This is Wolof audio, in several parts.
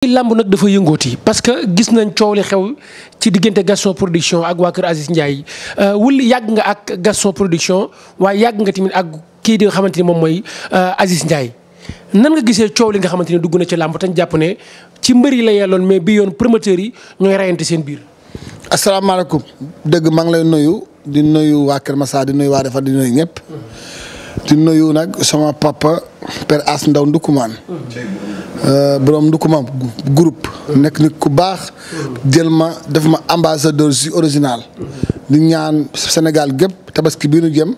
ci làmb nag dafa yi parce que gis nañ coow li xew ci diggante Gaston Production ak waa kër Aziz Ndiaye euh, wul yàgg nga ak Gaston Production waaye yàgg nga tamit ak kii di nga xamante ni moom mooy euh, Aziz Ndiaye nan nga gisee coow li nga xamante ni dugg na ci làmb tañ jàpp ne ci mbër yi la yelloon mais bi yoon promoteur yi ñooy rayante seen biir. asalaamaaleykum dëgg maa lay nuyu di nuyu waa Kër Massa di nuyu waa Defar di nuyu ñëpp. di nuyu nag sama papa père As Ndaw Ndukumaan euh, borom Ndukumaan groupe nekk nit ku baax jël ma def ma ambassadeur si original di ñaan Sénégal gépp tabaski bii nu jëm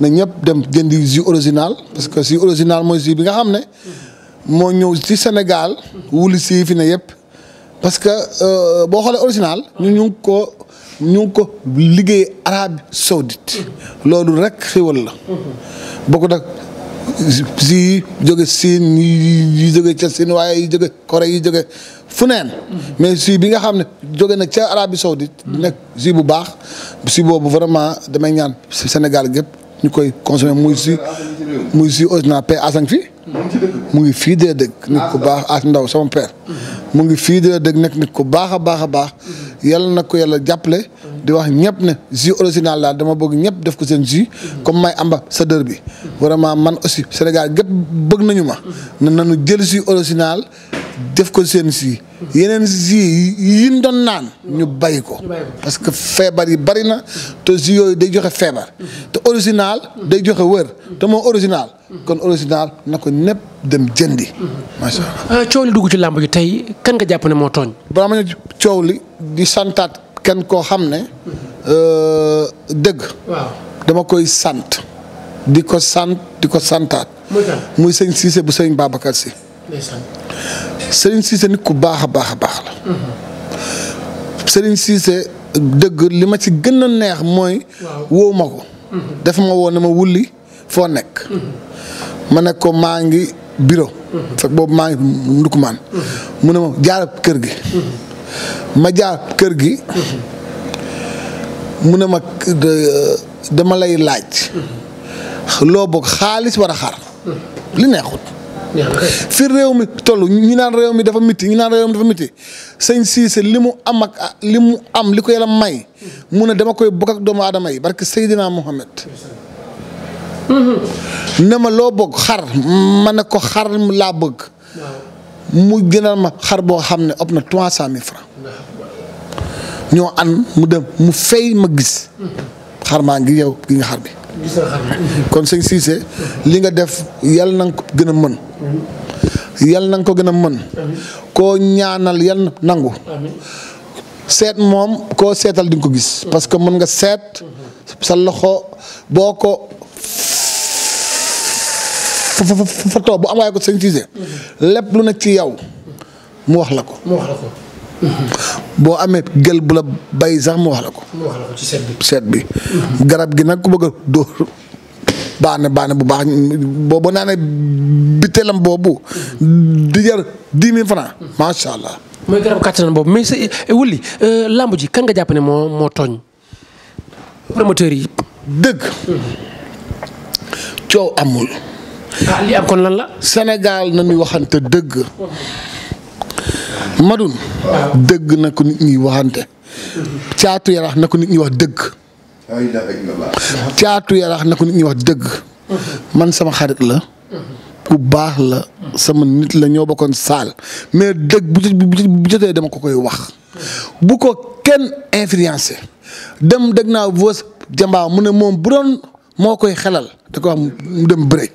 na ñëpp dem jënd jus original parce que jus original mooy jus bi nga xam ne moo ñëw si Sénégal wuli si fi ne yëpp parce que euh, boo xoolee original ñu ñu ko ñu ko liggéey Arabie Saoudite loolu rek xéwal la bokk nag si yi jóge Siin yi jóge ca Siin waaye yi jóge Corée yi jóge mais si bi nga xam ne jóge na ca Arabie Saoudite nekk si bu baax si boobu vraiment damay ñaan Sénégal gépp ñu koy consommé muy si muy si asang fi mu ngi fii dee dëgg nit ku baax as ndaw sama mu ngi fii dee dëgg nekk ko ku baax a baax a baax yàlla na ko yàlla jàppale. di wax ñëpp ne jus original laa dama bëgg ñëpp def ko seen jus. comme may ambassadeur bi. vraiment man aussi Sénégal gépp bëgg nañu ma. na nañu jël jus original. def ko seen si yeneen si yi ñu doon naan ñu bàyyi ko parce que feebar yi bari na te si yooyu day joxe feebar te original day joxe wër te moo original kon original na ko népp dem jëndi macha allah. Euh, coow li dugg ci làmb ji tey kan nga jàpp ne moo tooñ. balaa ma ñu coow li di santaat kenn koo xam ne euh, dëgg. dama koy sant di ko sant di ko santaat. muy sëñ Cissé bu sëñ Babacar si. Serigne Cissé nit ku baax a baax a baax la. Serigne Cissé dëgg li ma ci gën a neex mooy. woo ma ko. Mhm. dafa ma woo ne ma wulli foo nekk. Mhm. ma ne ko maa ngi bureau. Mhm. fekk boobu maa ngi ndukumaan. mu ne ma jaar kër gi. ma jaar kër gi. mu ne ma dama lay laaj. loo bëgg xaalis war a xar. li neexut. fi réew mi toll ñu naan réew mi dafa mitti ñu naan réew miti sëñ Cissé li mu amak li mu am li ko yàlla may mu ne dama koy bokk ak doomu aadama yi barke Seydina Mohamed. ne loo bëgg xar ne ko xar laa bëgg. mu gënal ma xar boo xam ne ëpp na trois cent mille francs ñoo an mu fay ma gis. xar ngi yow xar bi. kon sëñ Cissé li nga def yàlla na ko gën a mën. yal na ko gën a mën. koo ñaanal yal nangu. seet moom koo seetal di ko gis. parce que mën nga seet. sa loxo boo ko fa too bu amaay ko sensibiliser. lépp lu nekk ci yow mu wax la ko. amee gël bu la bay sax mu wax la ko. seet bi garab gi nag ku bëgg dóor. baane baane bu baax boobu naa ne biteelam boobu di jar dix mille francs allah. mooy garab kàttan boobu mais eh, wulli euh, làmb ji kan nga jàpp ne moo moo tooñ promoteur yi. dëgg. coow amul. Ah, li am kon waxante dëgg. Madun dëgg na ko nit ñi waxante. caatu yarax na ko nit ñi wax dëgg. caatu yaraax na ko nit ñi wax dëgg. man sama xarit la. ku baax la. sama nit la ñoo bokkoon saal mais dëgg bu bu jotee dama ko koy wax. bu ko kenn influencé dem dëgg naa voos jambaaw mu ne moom bu doon moo koy xelal da ko wax mu dem bëre.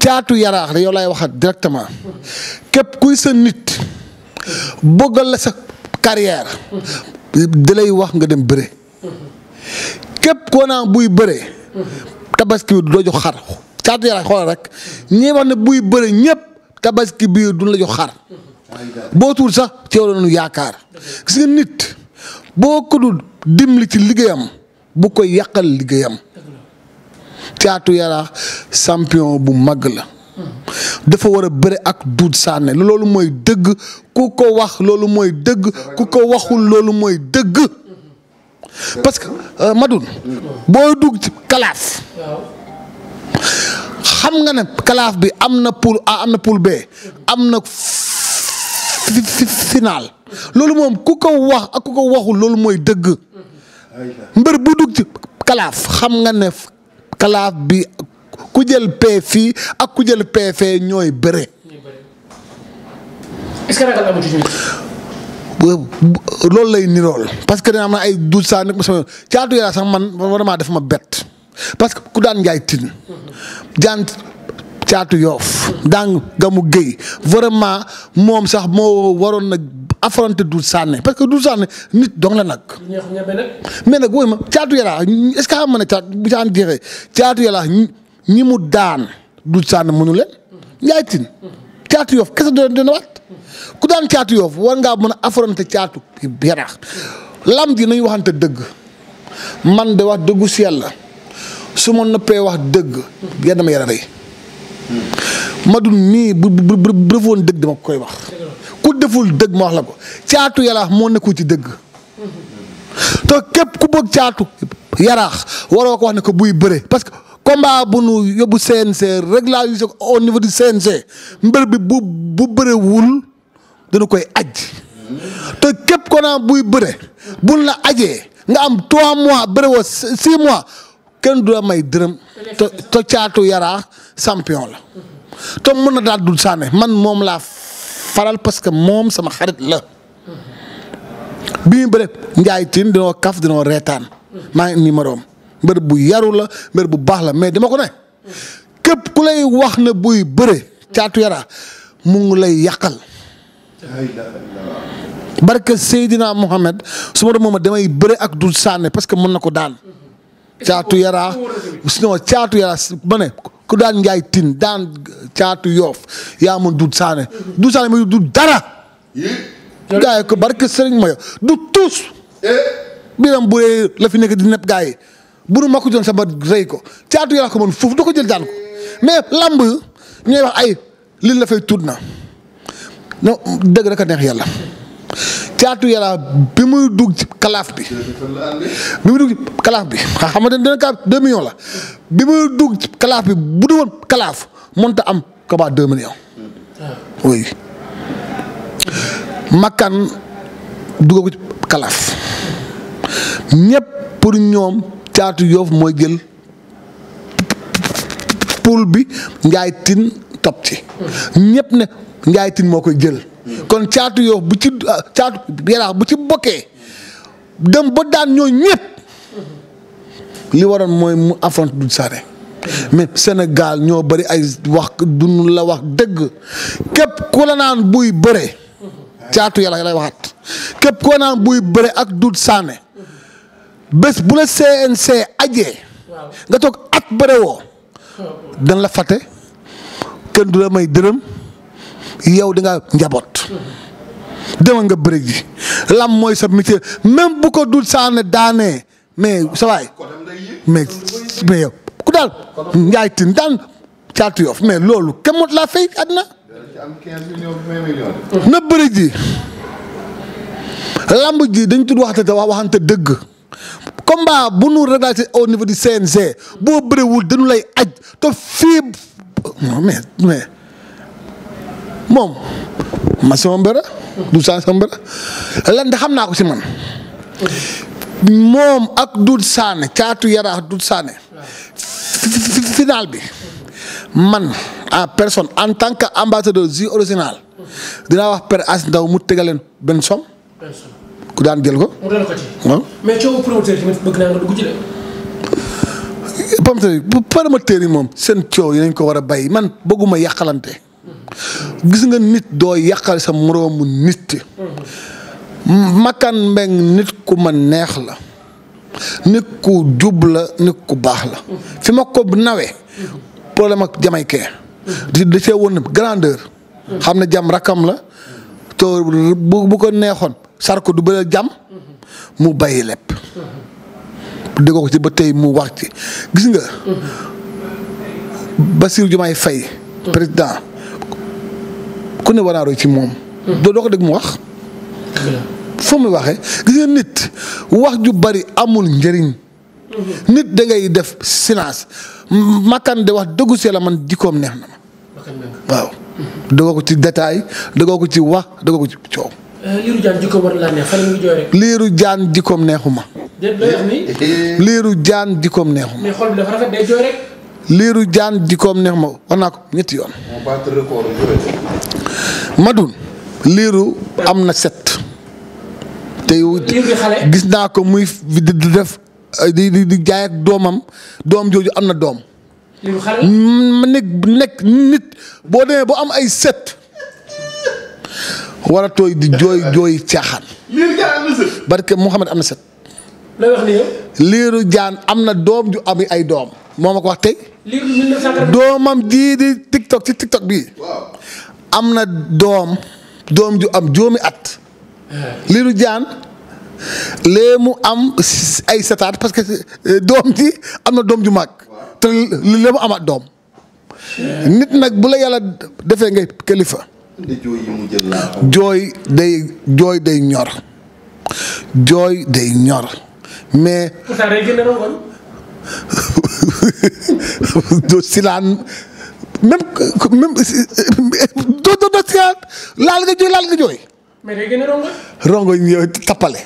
caatu yaraax la yow laay waxat directement. képp kuy sa nit. bëggal la sa carrière. da lay wax nga dem bëre. képp koo naan buy bëree. tabaski bi doo jox xar caatu yarax xoolal rek ñi wax ne buy bëri ñëpp tabaski bi duñ la xar. boo tuul sax teew la yaakaar. gis nit boo ko dul dimbali ci liggéeyam bu koy yàqal liggéeyam. caatu yara champion bu mag la. dafa war a bëre ak duut sànne loolu mooy dëgg ku ko wax ko waxul loolu mooy dëgg. parce que euh, Madoune booy dugg ci kalaaf. xam nga ne kalaaf bi am na poule A am na poule B am na final loolu moom ku ko wax ak ku ko waxul loolu mooy dëgg. mbër bu dugg ci kalaaf xam nga ne kalaaf bi ku jël P fii ak ku jël fee ñooy bëre. loolu lay nirool parce que dina ma na ay douze saa nekk sama caatu Yaraax sax man vraiment dafa ma bett parce que ku daan njaay tin jaan caatu yoof daan gamu géy vraiment moom sax moo waroon nag affronter Doudou Sané parce que Doudou Sané nit dong la nag. mais nag wóoy ma caatu Yaraax est-ce que xam nga ne caat bu caan jeexee caatu Yaraax ñi mu daan Doudou Sané mënu tin caatu yoof kese doon dina waat ku daan caatu yoof war ngaa mën a affronter caatu yaraax lam ji nañu waxante dëgg man de wax dëggu si yàlla su ma noppee wax dëgg yan dama yara rey ma dun mii bu bu bu dëgg dama koy wax ku deful dëgg ma wax la ko caatu yaraax moo nekkul ci dëgg te képp ku bëgg caatu yaraax waroo ko wax ne buy bëre parce combat bu nu yóbbu CNC régularisé au niveau du CNC mbër bi bu bëre wul dana koy aj te képp ko buy bëre buñ la ajee nga am 3 mois bëre woo 6 mois kenn du may dërëm te te caatu yaraa champion la te mën na daal dul saane man moom laa faral parce que moom sama xarit la bi ñu bëre njaay tin dinoo kaf dinoo reetaan maa ngi mbër bu yaru la mbër bu baax la mais dama ko ne. képp ku lay wax ne buy bëre caatu yara mu ngi lay yàqal. barke Seydina Mohamed su ma doon moom damay bëre ak du sànne parce que mën na ko daan. caatu yara sinon caatu yara ma ne ku daan njaay tin daan caatu yoof yaa mën du sànne du sànne ma du dara. gaa yi barke Serigne Moyo du tuus. Eh. biiram bu la fi nekk di nepp gaa bu nu makku doon sama rey ko caatu yaraax ko man foofu du ko jël daan ko mais làmb ñooy wax ay lin la fay tuut na non dëgg rek a neex yàlla caatu yaraax bi muy dugg ci kalaaf bi bi xam nga dina kaaf deux millions la bi muy dugg ci kalaaf bu du woon kalaaf mënta am kabaa deux millions oui makkaan dugg ko ci kalaaf ñëpp pour ñoom caatu yoof mooy jël poul bi njaay tin topp ci ñëpp ne njaay tin moo koy jël kon caatu yoof bu ci ah, caatu yaraax bu ci bokkee dem ba daan ñoo ñëpp li waroon mooy mu affronte du sare mais Sénégal ñoo bari ay wax dunu la wax dëgg képp ku la naan buy bëre caatu yàlla lay waxaat képp ku la naan buy bëre ak Doudou Sané bés bu la CNC ajee nga toog at bërewoo dañ la fate kenn du la may dërëm yow di nga njaboot demal nga bëri ji lam mooy sa métier même bu ko dul saane daanee mais sa mais mais yow ku daal njaay tin daan caatu yof mais loolu kenn mot laa fay àddina na bëri ji lamb ji dañ tudd waxte te waxante dëgg combat bu nu réglé au niveau du CNG boo bëriwul dañu lay aj te fii mais mais moom ma sama mbër du saa naa ko si man moom ak Doudou Sané caatu yaraax Doudou Sané final bi man en personne en tant que ambassadeur ju original dinaa wax Père As Ndaw mu tegaleen benn somme ku daan jël ko. mu daan yi moom seen coow yi nañ ko war a bàyyi man bëgguma yàqalante. gis nga nit doo yàqal sa moroomu nit. Makan Mbeng nit ku ma neex la. nit ku jub la nit ku baax la. fi ma ko nawee. problème ak jamaïcain. di di see woon grandeur. xam ne jàmm rakam la. te bu bu ko neexoon. Sarko du bëre jàmm mu bàyyi lépp déggoo ko ci ba tey mu wax ci gis nga Bassirou Diomaye Faye président ku ne war ci moom doo doo ko dégg mu wax foo muy waxee gis nga nit wax ju bari amul njëriñ nit da ngay def silence makkan de wax dëggu see la man jikkoom neex na ma waaw dëggoo ko ci détail dëggoo ko ci wax dëggoo ko ci coow Euh, Lirou Diane jikkoom war jikkoom neexuma. déet jaan jikkoom neexuma. mais xol jikkoom neexuma wax naa ko ñetti yoon. moo baat am na set. te gis naa ko muy di def di di jaay doomam doom jooju am na doom. ma nekk nekk nit boo demee boo am ay set. war tooy di jooy jooy caaxaan. liiru jaan am na sët. am na set lay wax liiru jaan am na doom ju ami ay doom moo ma ko wax tey. liiru 1980. doomam jii di TikTok ci TikTok bii. am na doom doom ju am joomi at. liiru jaan lee mu am ay setaat parce que euh, doom ji am na doom ju mag. te lee mu amaat doom. nit nag bu la yàlla defee ngay kilifa. jooy yi mu jooy day jooy day ñor jooy day ñor mais. doo silaan même même doo doo doo silaan laal nga jooy laal nga jooy. mais day génne rongo. tappale.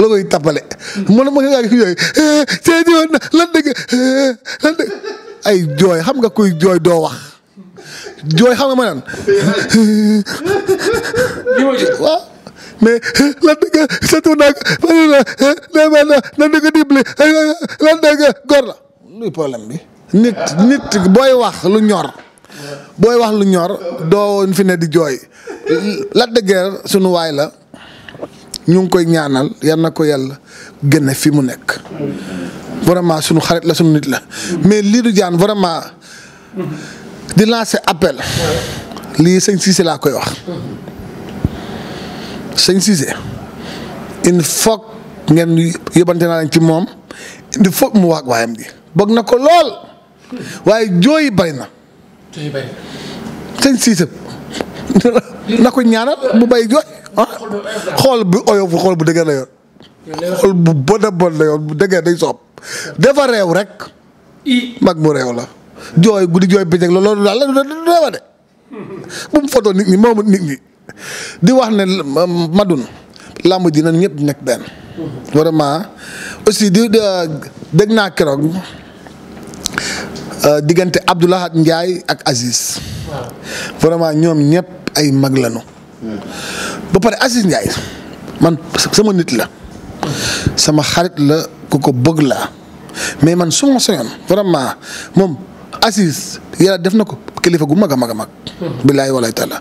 rongo yi tappale. nga gis yooyu see di woon lan dëgg ay jooy xam nga kuy jooy doo wax. jooy xam nga ma naan. waaw mais lan dëgg sa tur nag fan la lan lan dëgg dibli lan dëgg la. luy problème bi. nit nit booy wax lu ñor. booy wax lu ñor doo fi ne di jooy. Lac de Guiers sunu waay la ñu ngi koy ñaanal yal na ko yàlla génne fi mu nekk. vraiment sunu xarit la sunu nit la. mais lii du jaan vraiment. di lancer appel lii sëñ Cissé laa koy wax sëñ Cissé il faut ngeen yóbbante naa leen ci moom il faut mu wax waayam gi bëgg na ko lool waaye jooy bari na. sëñ Cissé na ko ñaanal mu bay jooy ah, xool bu oyofu xool bu dëgër la yor. xool bu bon a bon bu dëgër day soob dafa réew rek. mag mu réew la. jooy guddi jooy bëccëg loolu daal la du reewa de bu mu foto nit ñi moomu nit ñi di wax ne madun làmb ji nañ ñëpp nekk benn vraiment aussi di dégg naa keroog euh, diggante Abdoulahat Ndiaye ak Aziz vraiment ñoom ñëpp ay mag lañu ba pare Aziz Ndiaye man sama nit la sama xarit la ku ko bëgg laa mais man su ma soñoon vraiment moom assise yàlla def na ko kilifa gu mag a mag a mag. billaay walaay taala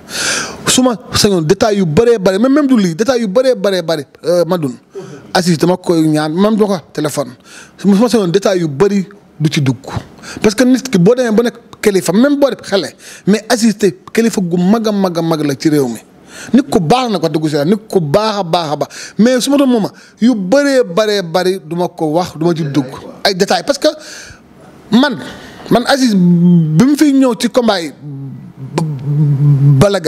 su ma sañoon détails yu bëree bëri même même du lii détails yu bëree baree bëri euh, ma dun assise dama koy ñaan même du ko téléphone suma ma sañoon yu bëri du ci dugg parce que nit ki boo demee ba nekk kilifa même boo def xale mais assisté kilifa gu mag a mag mag la ci réew mi. nit ku baax na ko dugg si nit ku baax a baax a baax mais su doon mooma yu bëree bëree bëri duma ko wax du ci dugg ay détails parce que man. man Aziz bi mu fiy ñëw ci kombaay yi Balla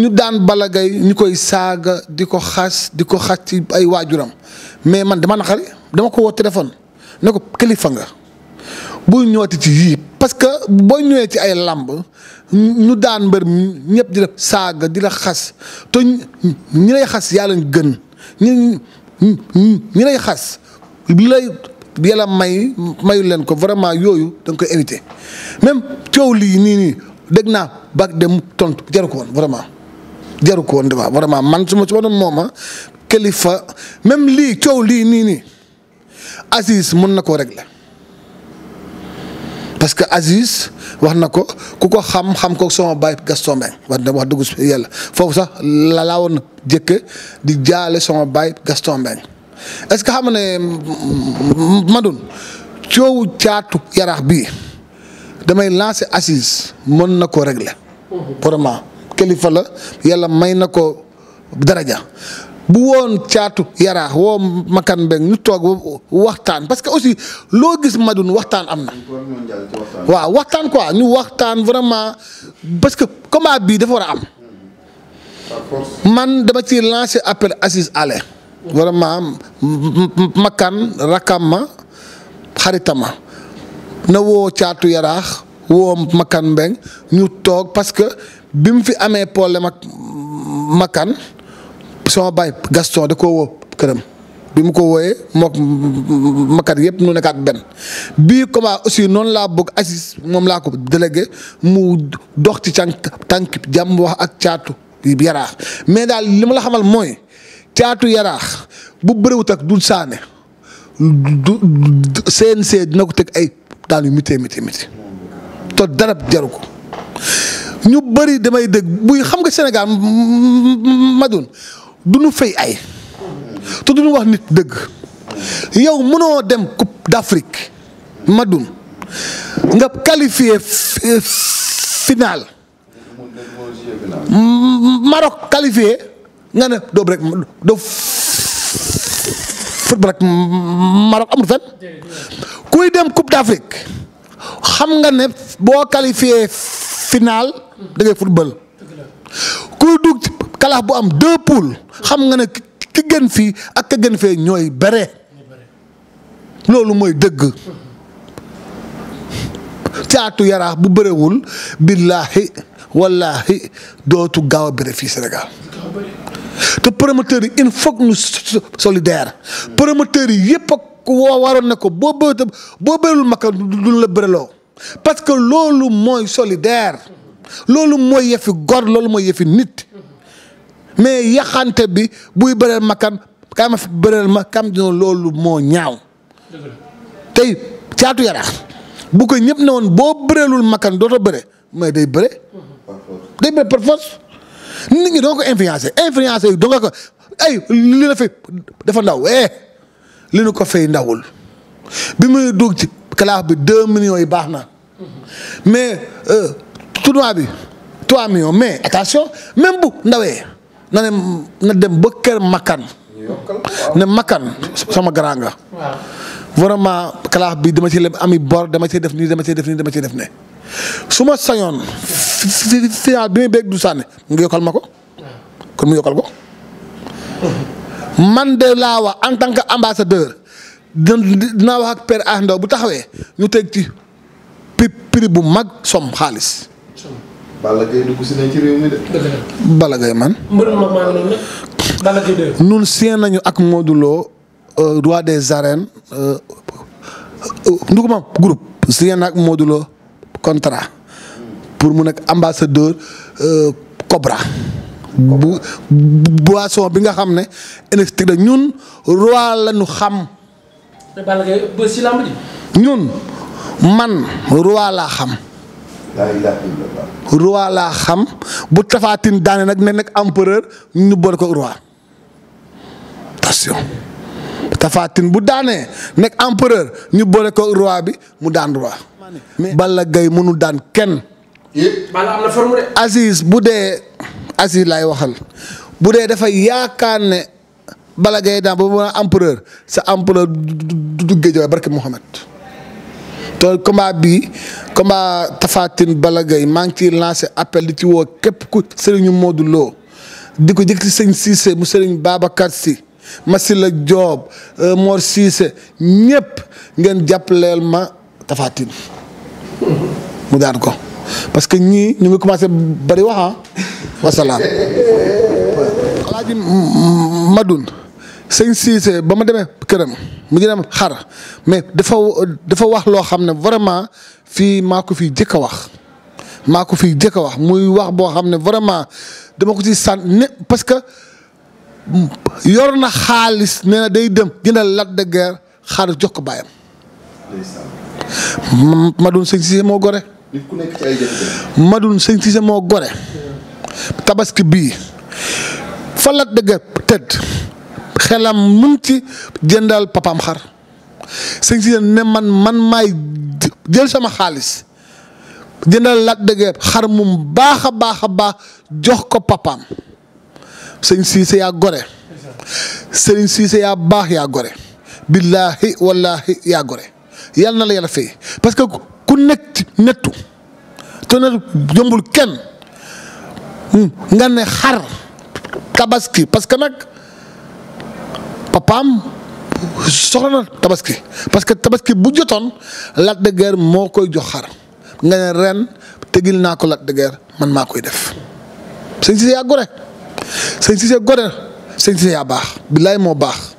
ñu daan Balla Gaye ñu koy saaga di ko xas di ko xas ci ay waajuram mais man dama naqari dama ko woo téléphone ne ko kilifa nga bul ñëwati ci yii parce que boo ñëwee ci ay làmb ñu daan mbër ñëpp di la saaga di la xas te ñi lay xas yaa leen gën ñi ñi lay xas lay yàlla may mayu leen ko vraiment yooyu da nga koy éviter même coow lii nii nii dégg naa ba dem tontu jaru ko woon vraiment. jaru ko woon waaw vraiment man su ma su ma mooma kilifa même lii coow lii nii nii Aziz mën na koo régler parce que Aziz wax na ko ku ko xam xam ko sama baay Gaston Mbengue wax na wax dëgg yàlla foofu sax la laa woon jëkk di jaale sama baay Gaston Mbengue est-ce que xam ne Madoune coowu caatu yaraax bii damay lancer assise mën na ko régler. vraiment kilifa la yàlla may na ko daraja bu woon caatu yaraax woo makan mbeng ñu toog waxtaan parce que aussi loo gis Madoune waxtaan am na. waaw waxtaan quoi ñu waxtaan vraiment parce que combat bii dafa war a am. man dama ci lancé appel assise ale wala maam makkan rakkam ma xaritama na woo caatu yaraax woo makkan mbeng ñu toog parce que bi mu fi amee problème ak makkan sama baay Gaston da koo woo këram bi mu ko wooyee mook makkat yëpp nu nekkaat benn bi comment aussi noonu laa bëgg Aziz moom laa ko délégué mu dox ci cànk tànk jàmm wax ak caatu yaraax mais daal li ma la xamal mooy caatu yaraax bu bëriwut ak du saane du CNC dina ko teg ay daan yu mitee mitee mitee te ko ñu bëri damay dëgg buy xam nga Sénégal madun du nu fay ay te du wax nit dëgg yow mënoo dem coupe d'Afrique madun nga qualifié final Maroc qualifié nga ne doo bëre doo football ak Maroc kuy dem Coupe d'Afrique xam nga ne boo qualifié final da ngay kuy dugg kalaaf bu am deux poules xam nga ne ki gën fii ak ki gën fee ñooy bare loolu mooy dëgg caatu yaraax bu bërewul billaahi wallaahi dootu gaaw a bere fii Sénégal te promoteur yi il faut que ñu solidaire promoteur yi yëpp waroon na ko boo bë boo bërul makka la bëreloo parce que loolu mooy solidaire loolu mooy yëfi gor loolu mooy yëfi nit mais yaxante bi buy bëreel makkan kam ma fi bëreel ma kam dina loolu moo ñaaw tey caatu yaraax bu ko ñëpp ne woon boo bëreelul makkan dootoo bëre mais day bëre day bëre par nit ñi doo ko influencé influencé yi doo nga ko ay fi dafa ndaw eh li ko fay ndawul bi muy dugg ci classe bi deux yi baax na mais euh, tournoi bi trois millions mais attention même bu ndawee na dem ba kër makkan ne makkan sama grand nga vraiment classe bi dama ci leb ami bor dama ci def nii dama ci def nii dama ci def ne su ma sañoon final bi muy bëgg du sànni nga yokkal ma ko kon mu yokkal ko. man de laa wax en tant que ambassadeur dina wax ak père Ax Ndaw bu taxawee ñu teg ci prix bu mag som xaalis. bala Gaye man. nun seen nañu ak Modou Lo euh, roi des arènes euh, euh, group groupe seen ak Modou contrat pour mu nekk ambassadeur euh, Cobra. bu boisson bi nga xam ne NXT da ñun roi la ñu xam. te ñun man roi laa xam. roi laa xam bu tafaatin daane nag ne nekk empereur ñu boole ko roi Tafatine bu daanee nekk empereur ñu boole ko roi bi mu daan roi. Balla Gaye mënu daan kenn. Balla bu dee Aziz laay waxal bu dee dafa yaakaar ne Balla Gaye daan ba mu mën a empereur sa empereur du du géej barke Mouhamed. te combat bii combat Tafatine Balla Gaye maa ngi ciy lancé appel di ci woo képp ku Serigne Modou Lo di ko jëkk ci sëñ Cissé mu Serigne Babacar Sy. Masila Joob euh, Mor Cissé ñëpp ngeen jàppaleel ma Tapha mu daan ko parce que ñii ñu ngi commencé bari wax wasalaat ah. wasalaam. Alaaji Madun sëñ Cissé ba ma demee këram mu ngi dem xar mais dafa dafa wax loo xam ne vraiment fii maa ko fii jëkk a wax. maa ko fii jëkk wax muy wax boo xam ne vraiment dama ko ci sant ne parce yor na xaalis nee na day dem dina Lac de Guiers jox ko baayam Madoune Sëñ moo gore. nit ku nekk ci tabaski bii fa Lac de xelam mun ci jëndal papaam xar ne man man may jël sama xaalis jëndal Lac de xar mu baax a baax a baax jox ko papaam. sëñ Cissé yaa gore sëriñ Cissé yaa baax yaa gore billaahi wallaahi yaa gore yàlla na la yàlla fay parce que ku nekk nettu te nettu jombul kenn nga ne xar tabaski parce que nag papam soxla na tabaski parce que tabaski bu jotoon Lac de Guiers moo koy jox xar nga ne ren tegil naa ko Lac de man maa koy def sëñ Cissé yaa gore sëñ Cissé gone sëñ Cissé yaa baax billaay moo baax.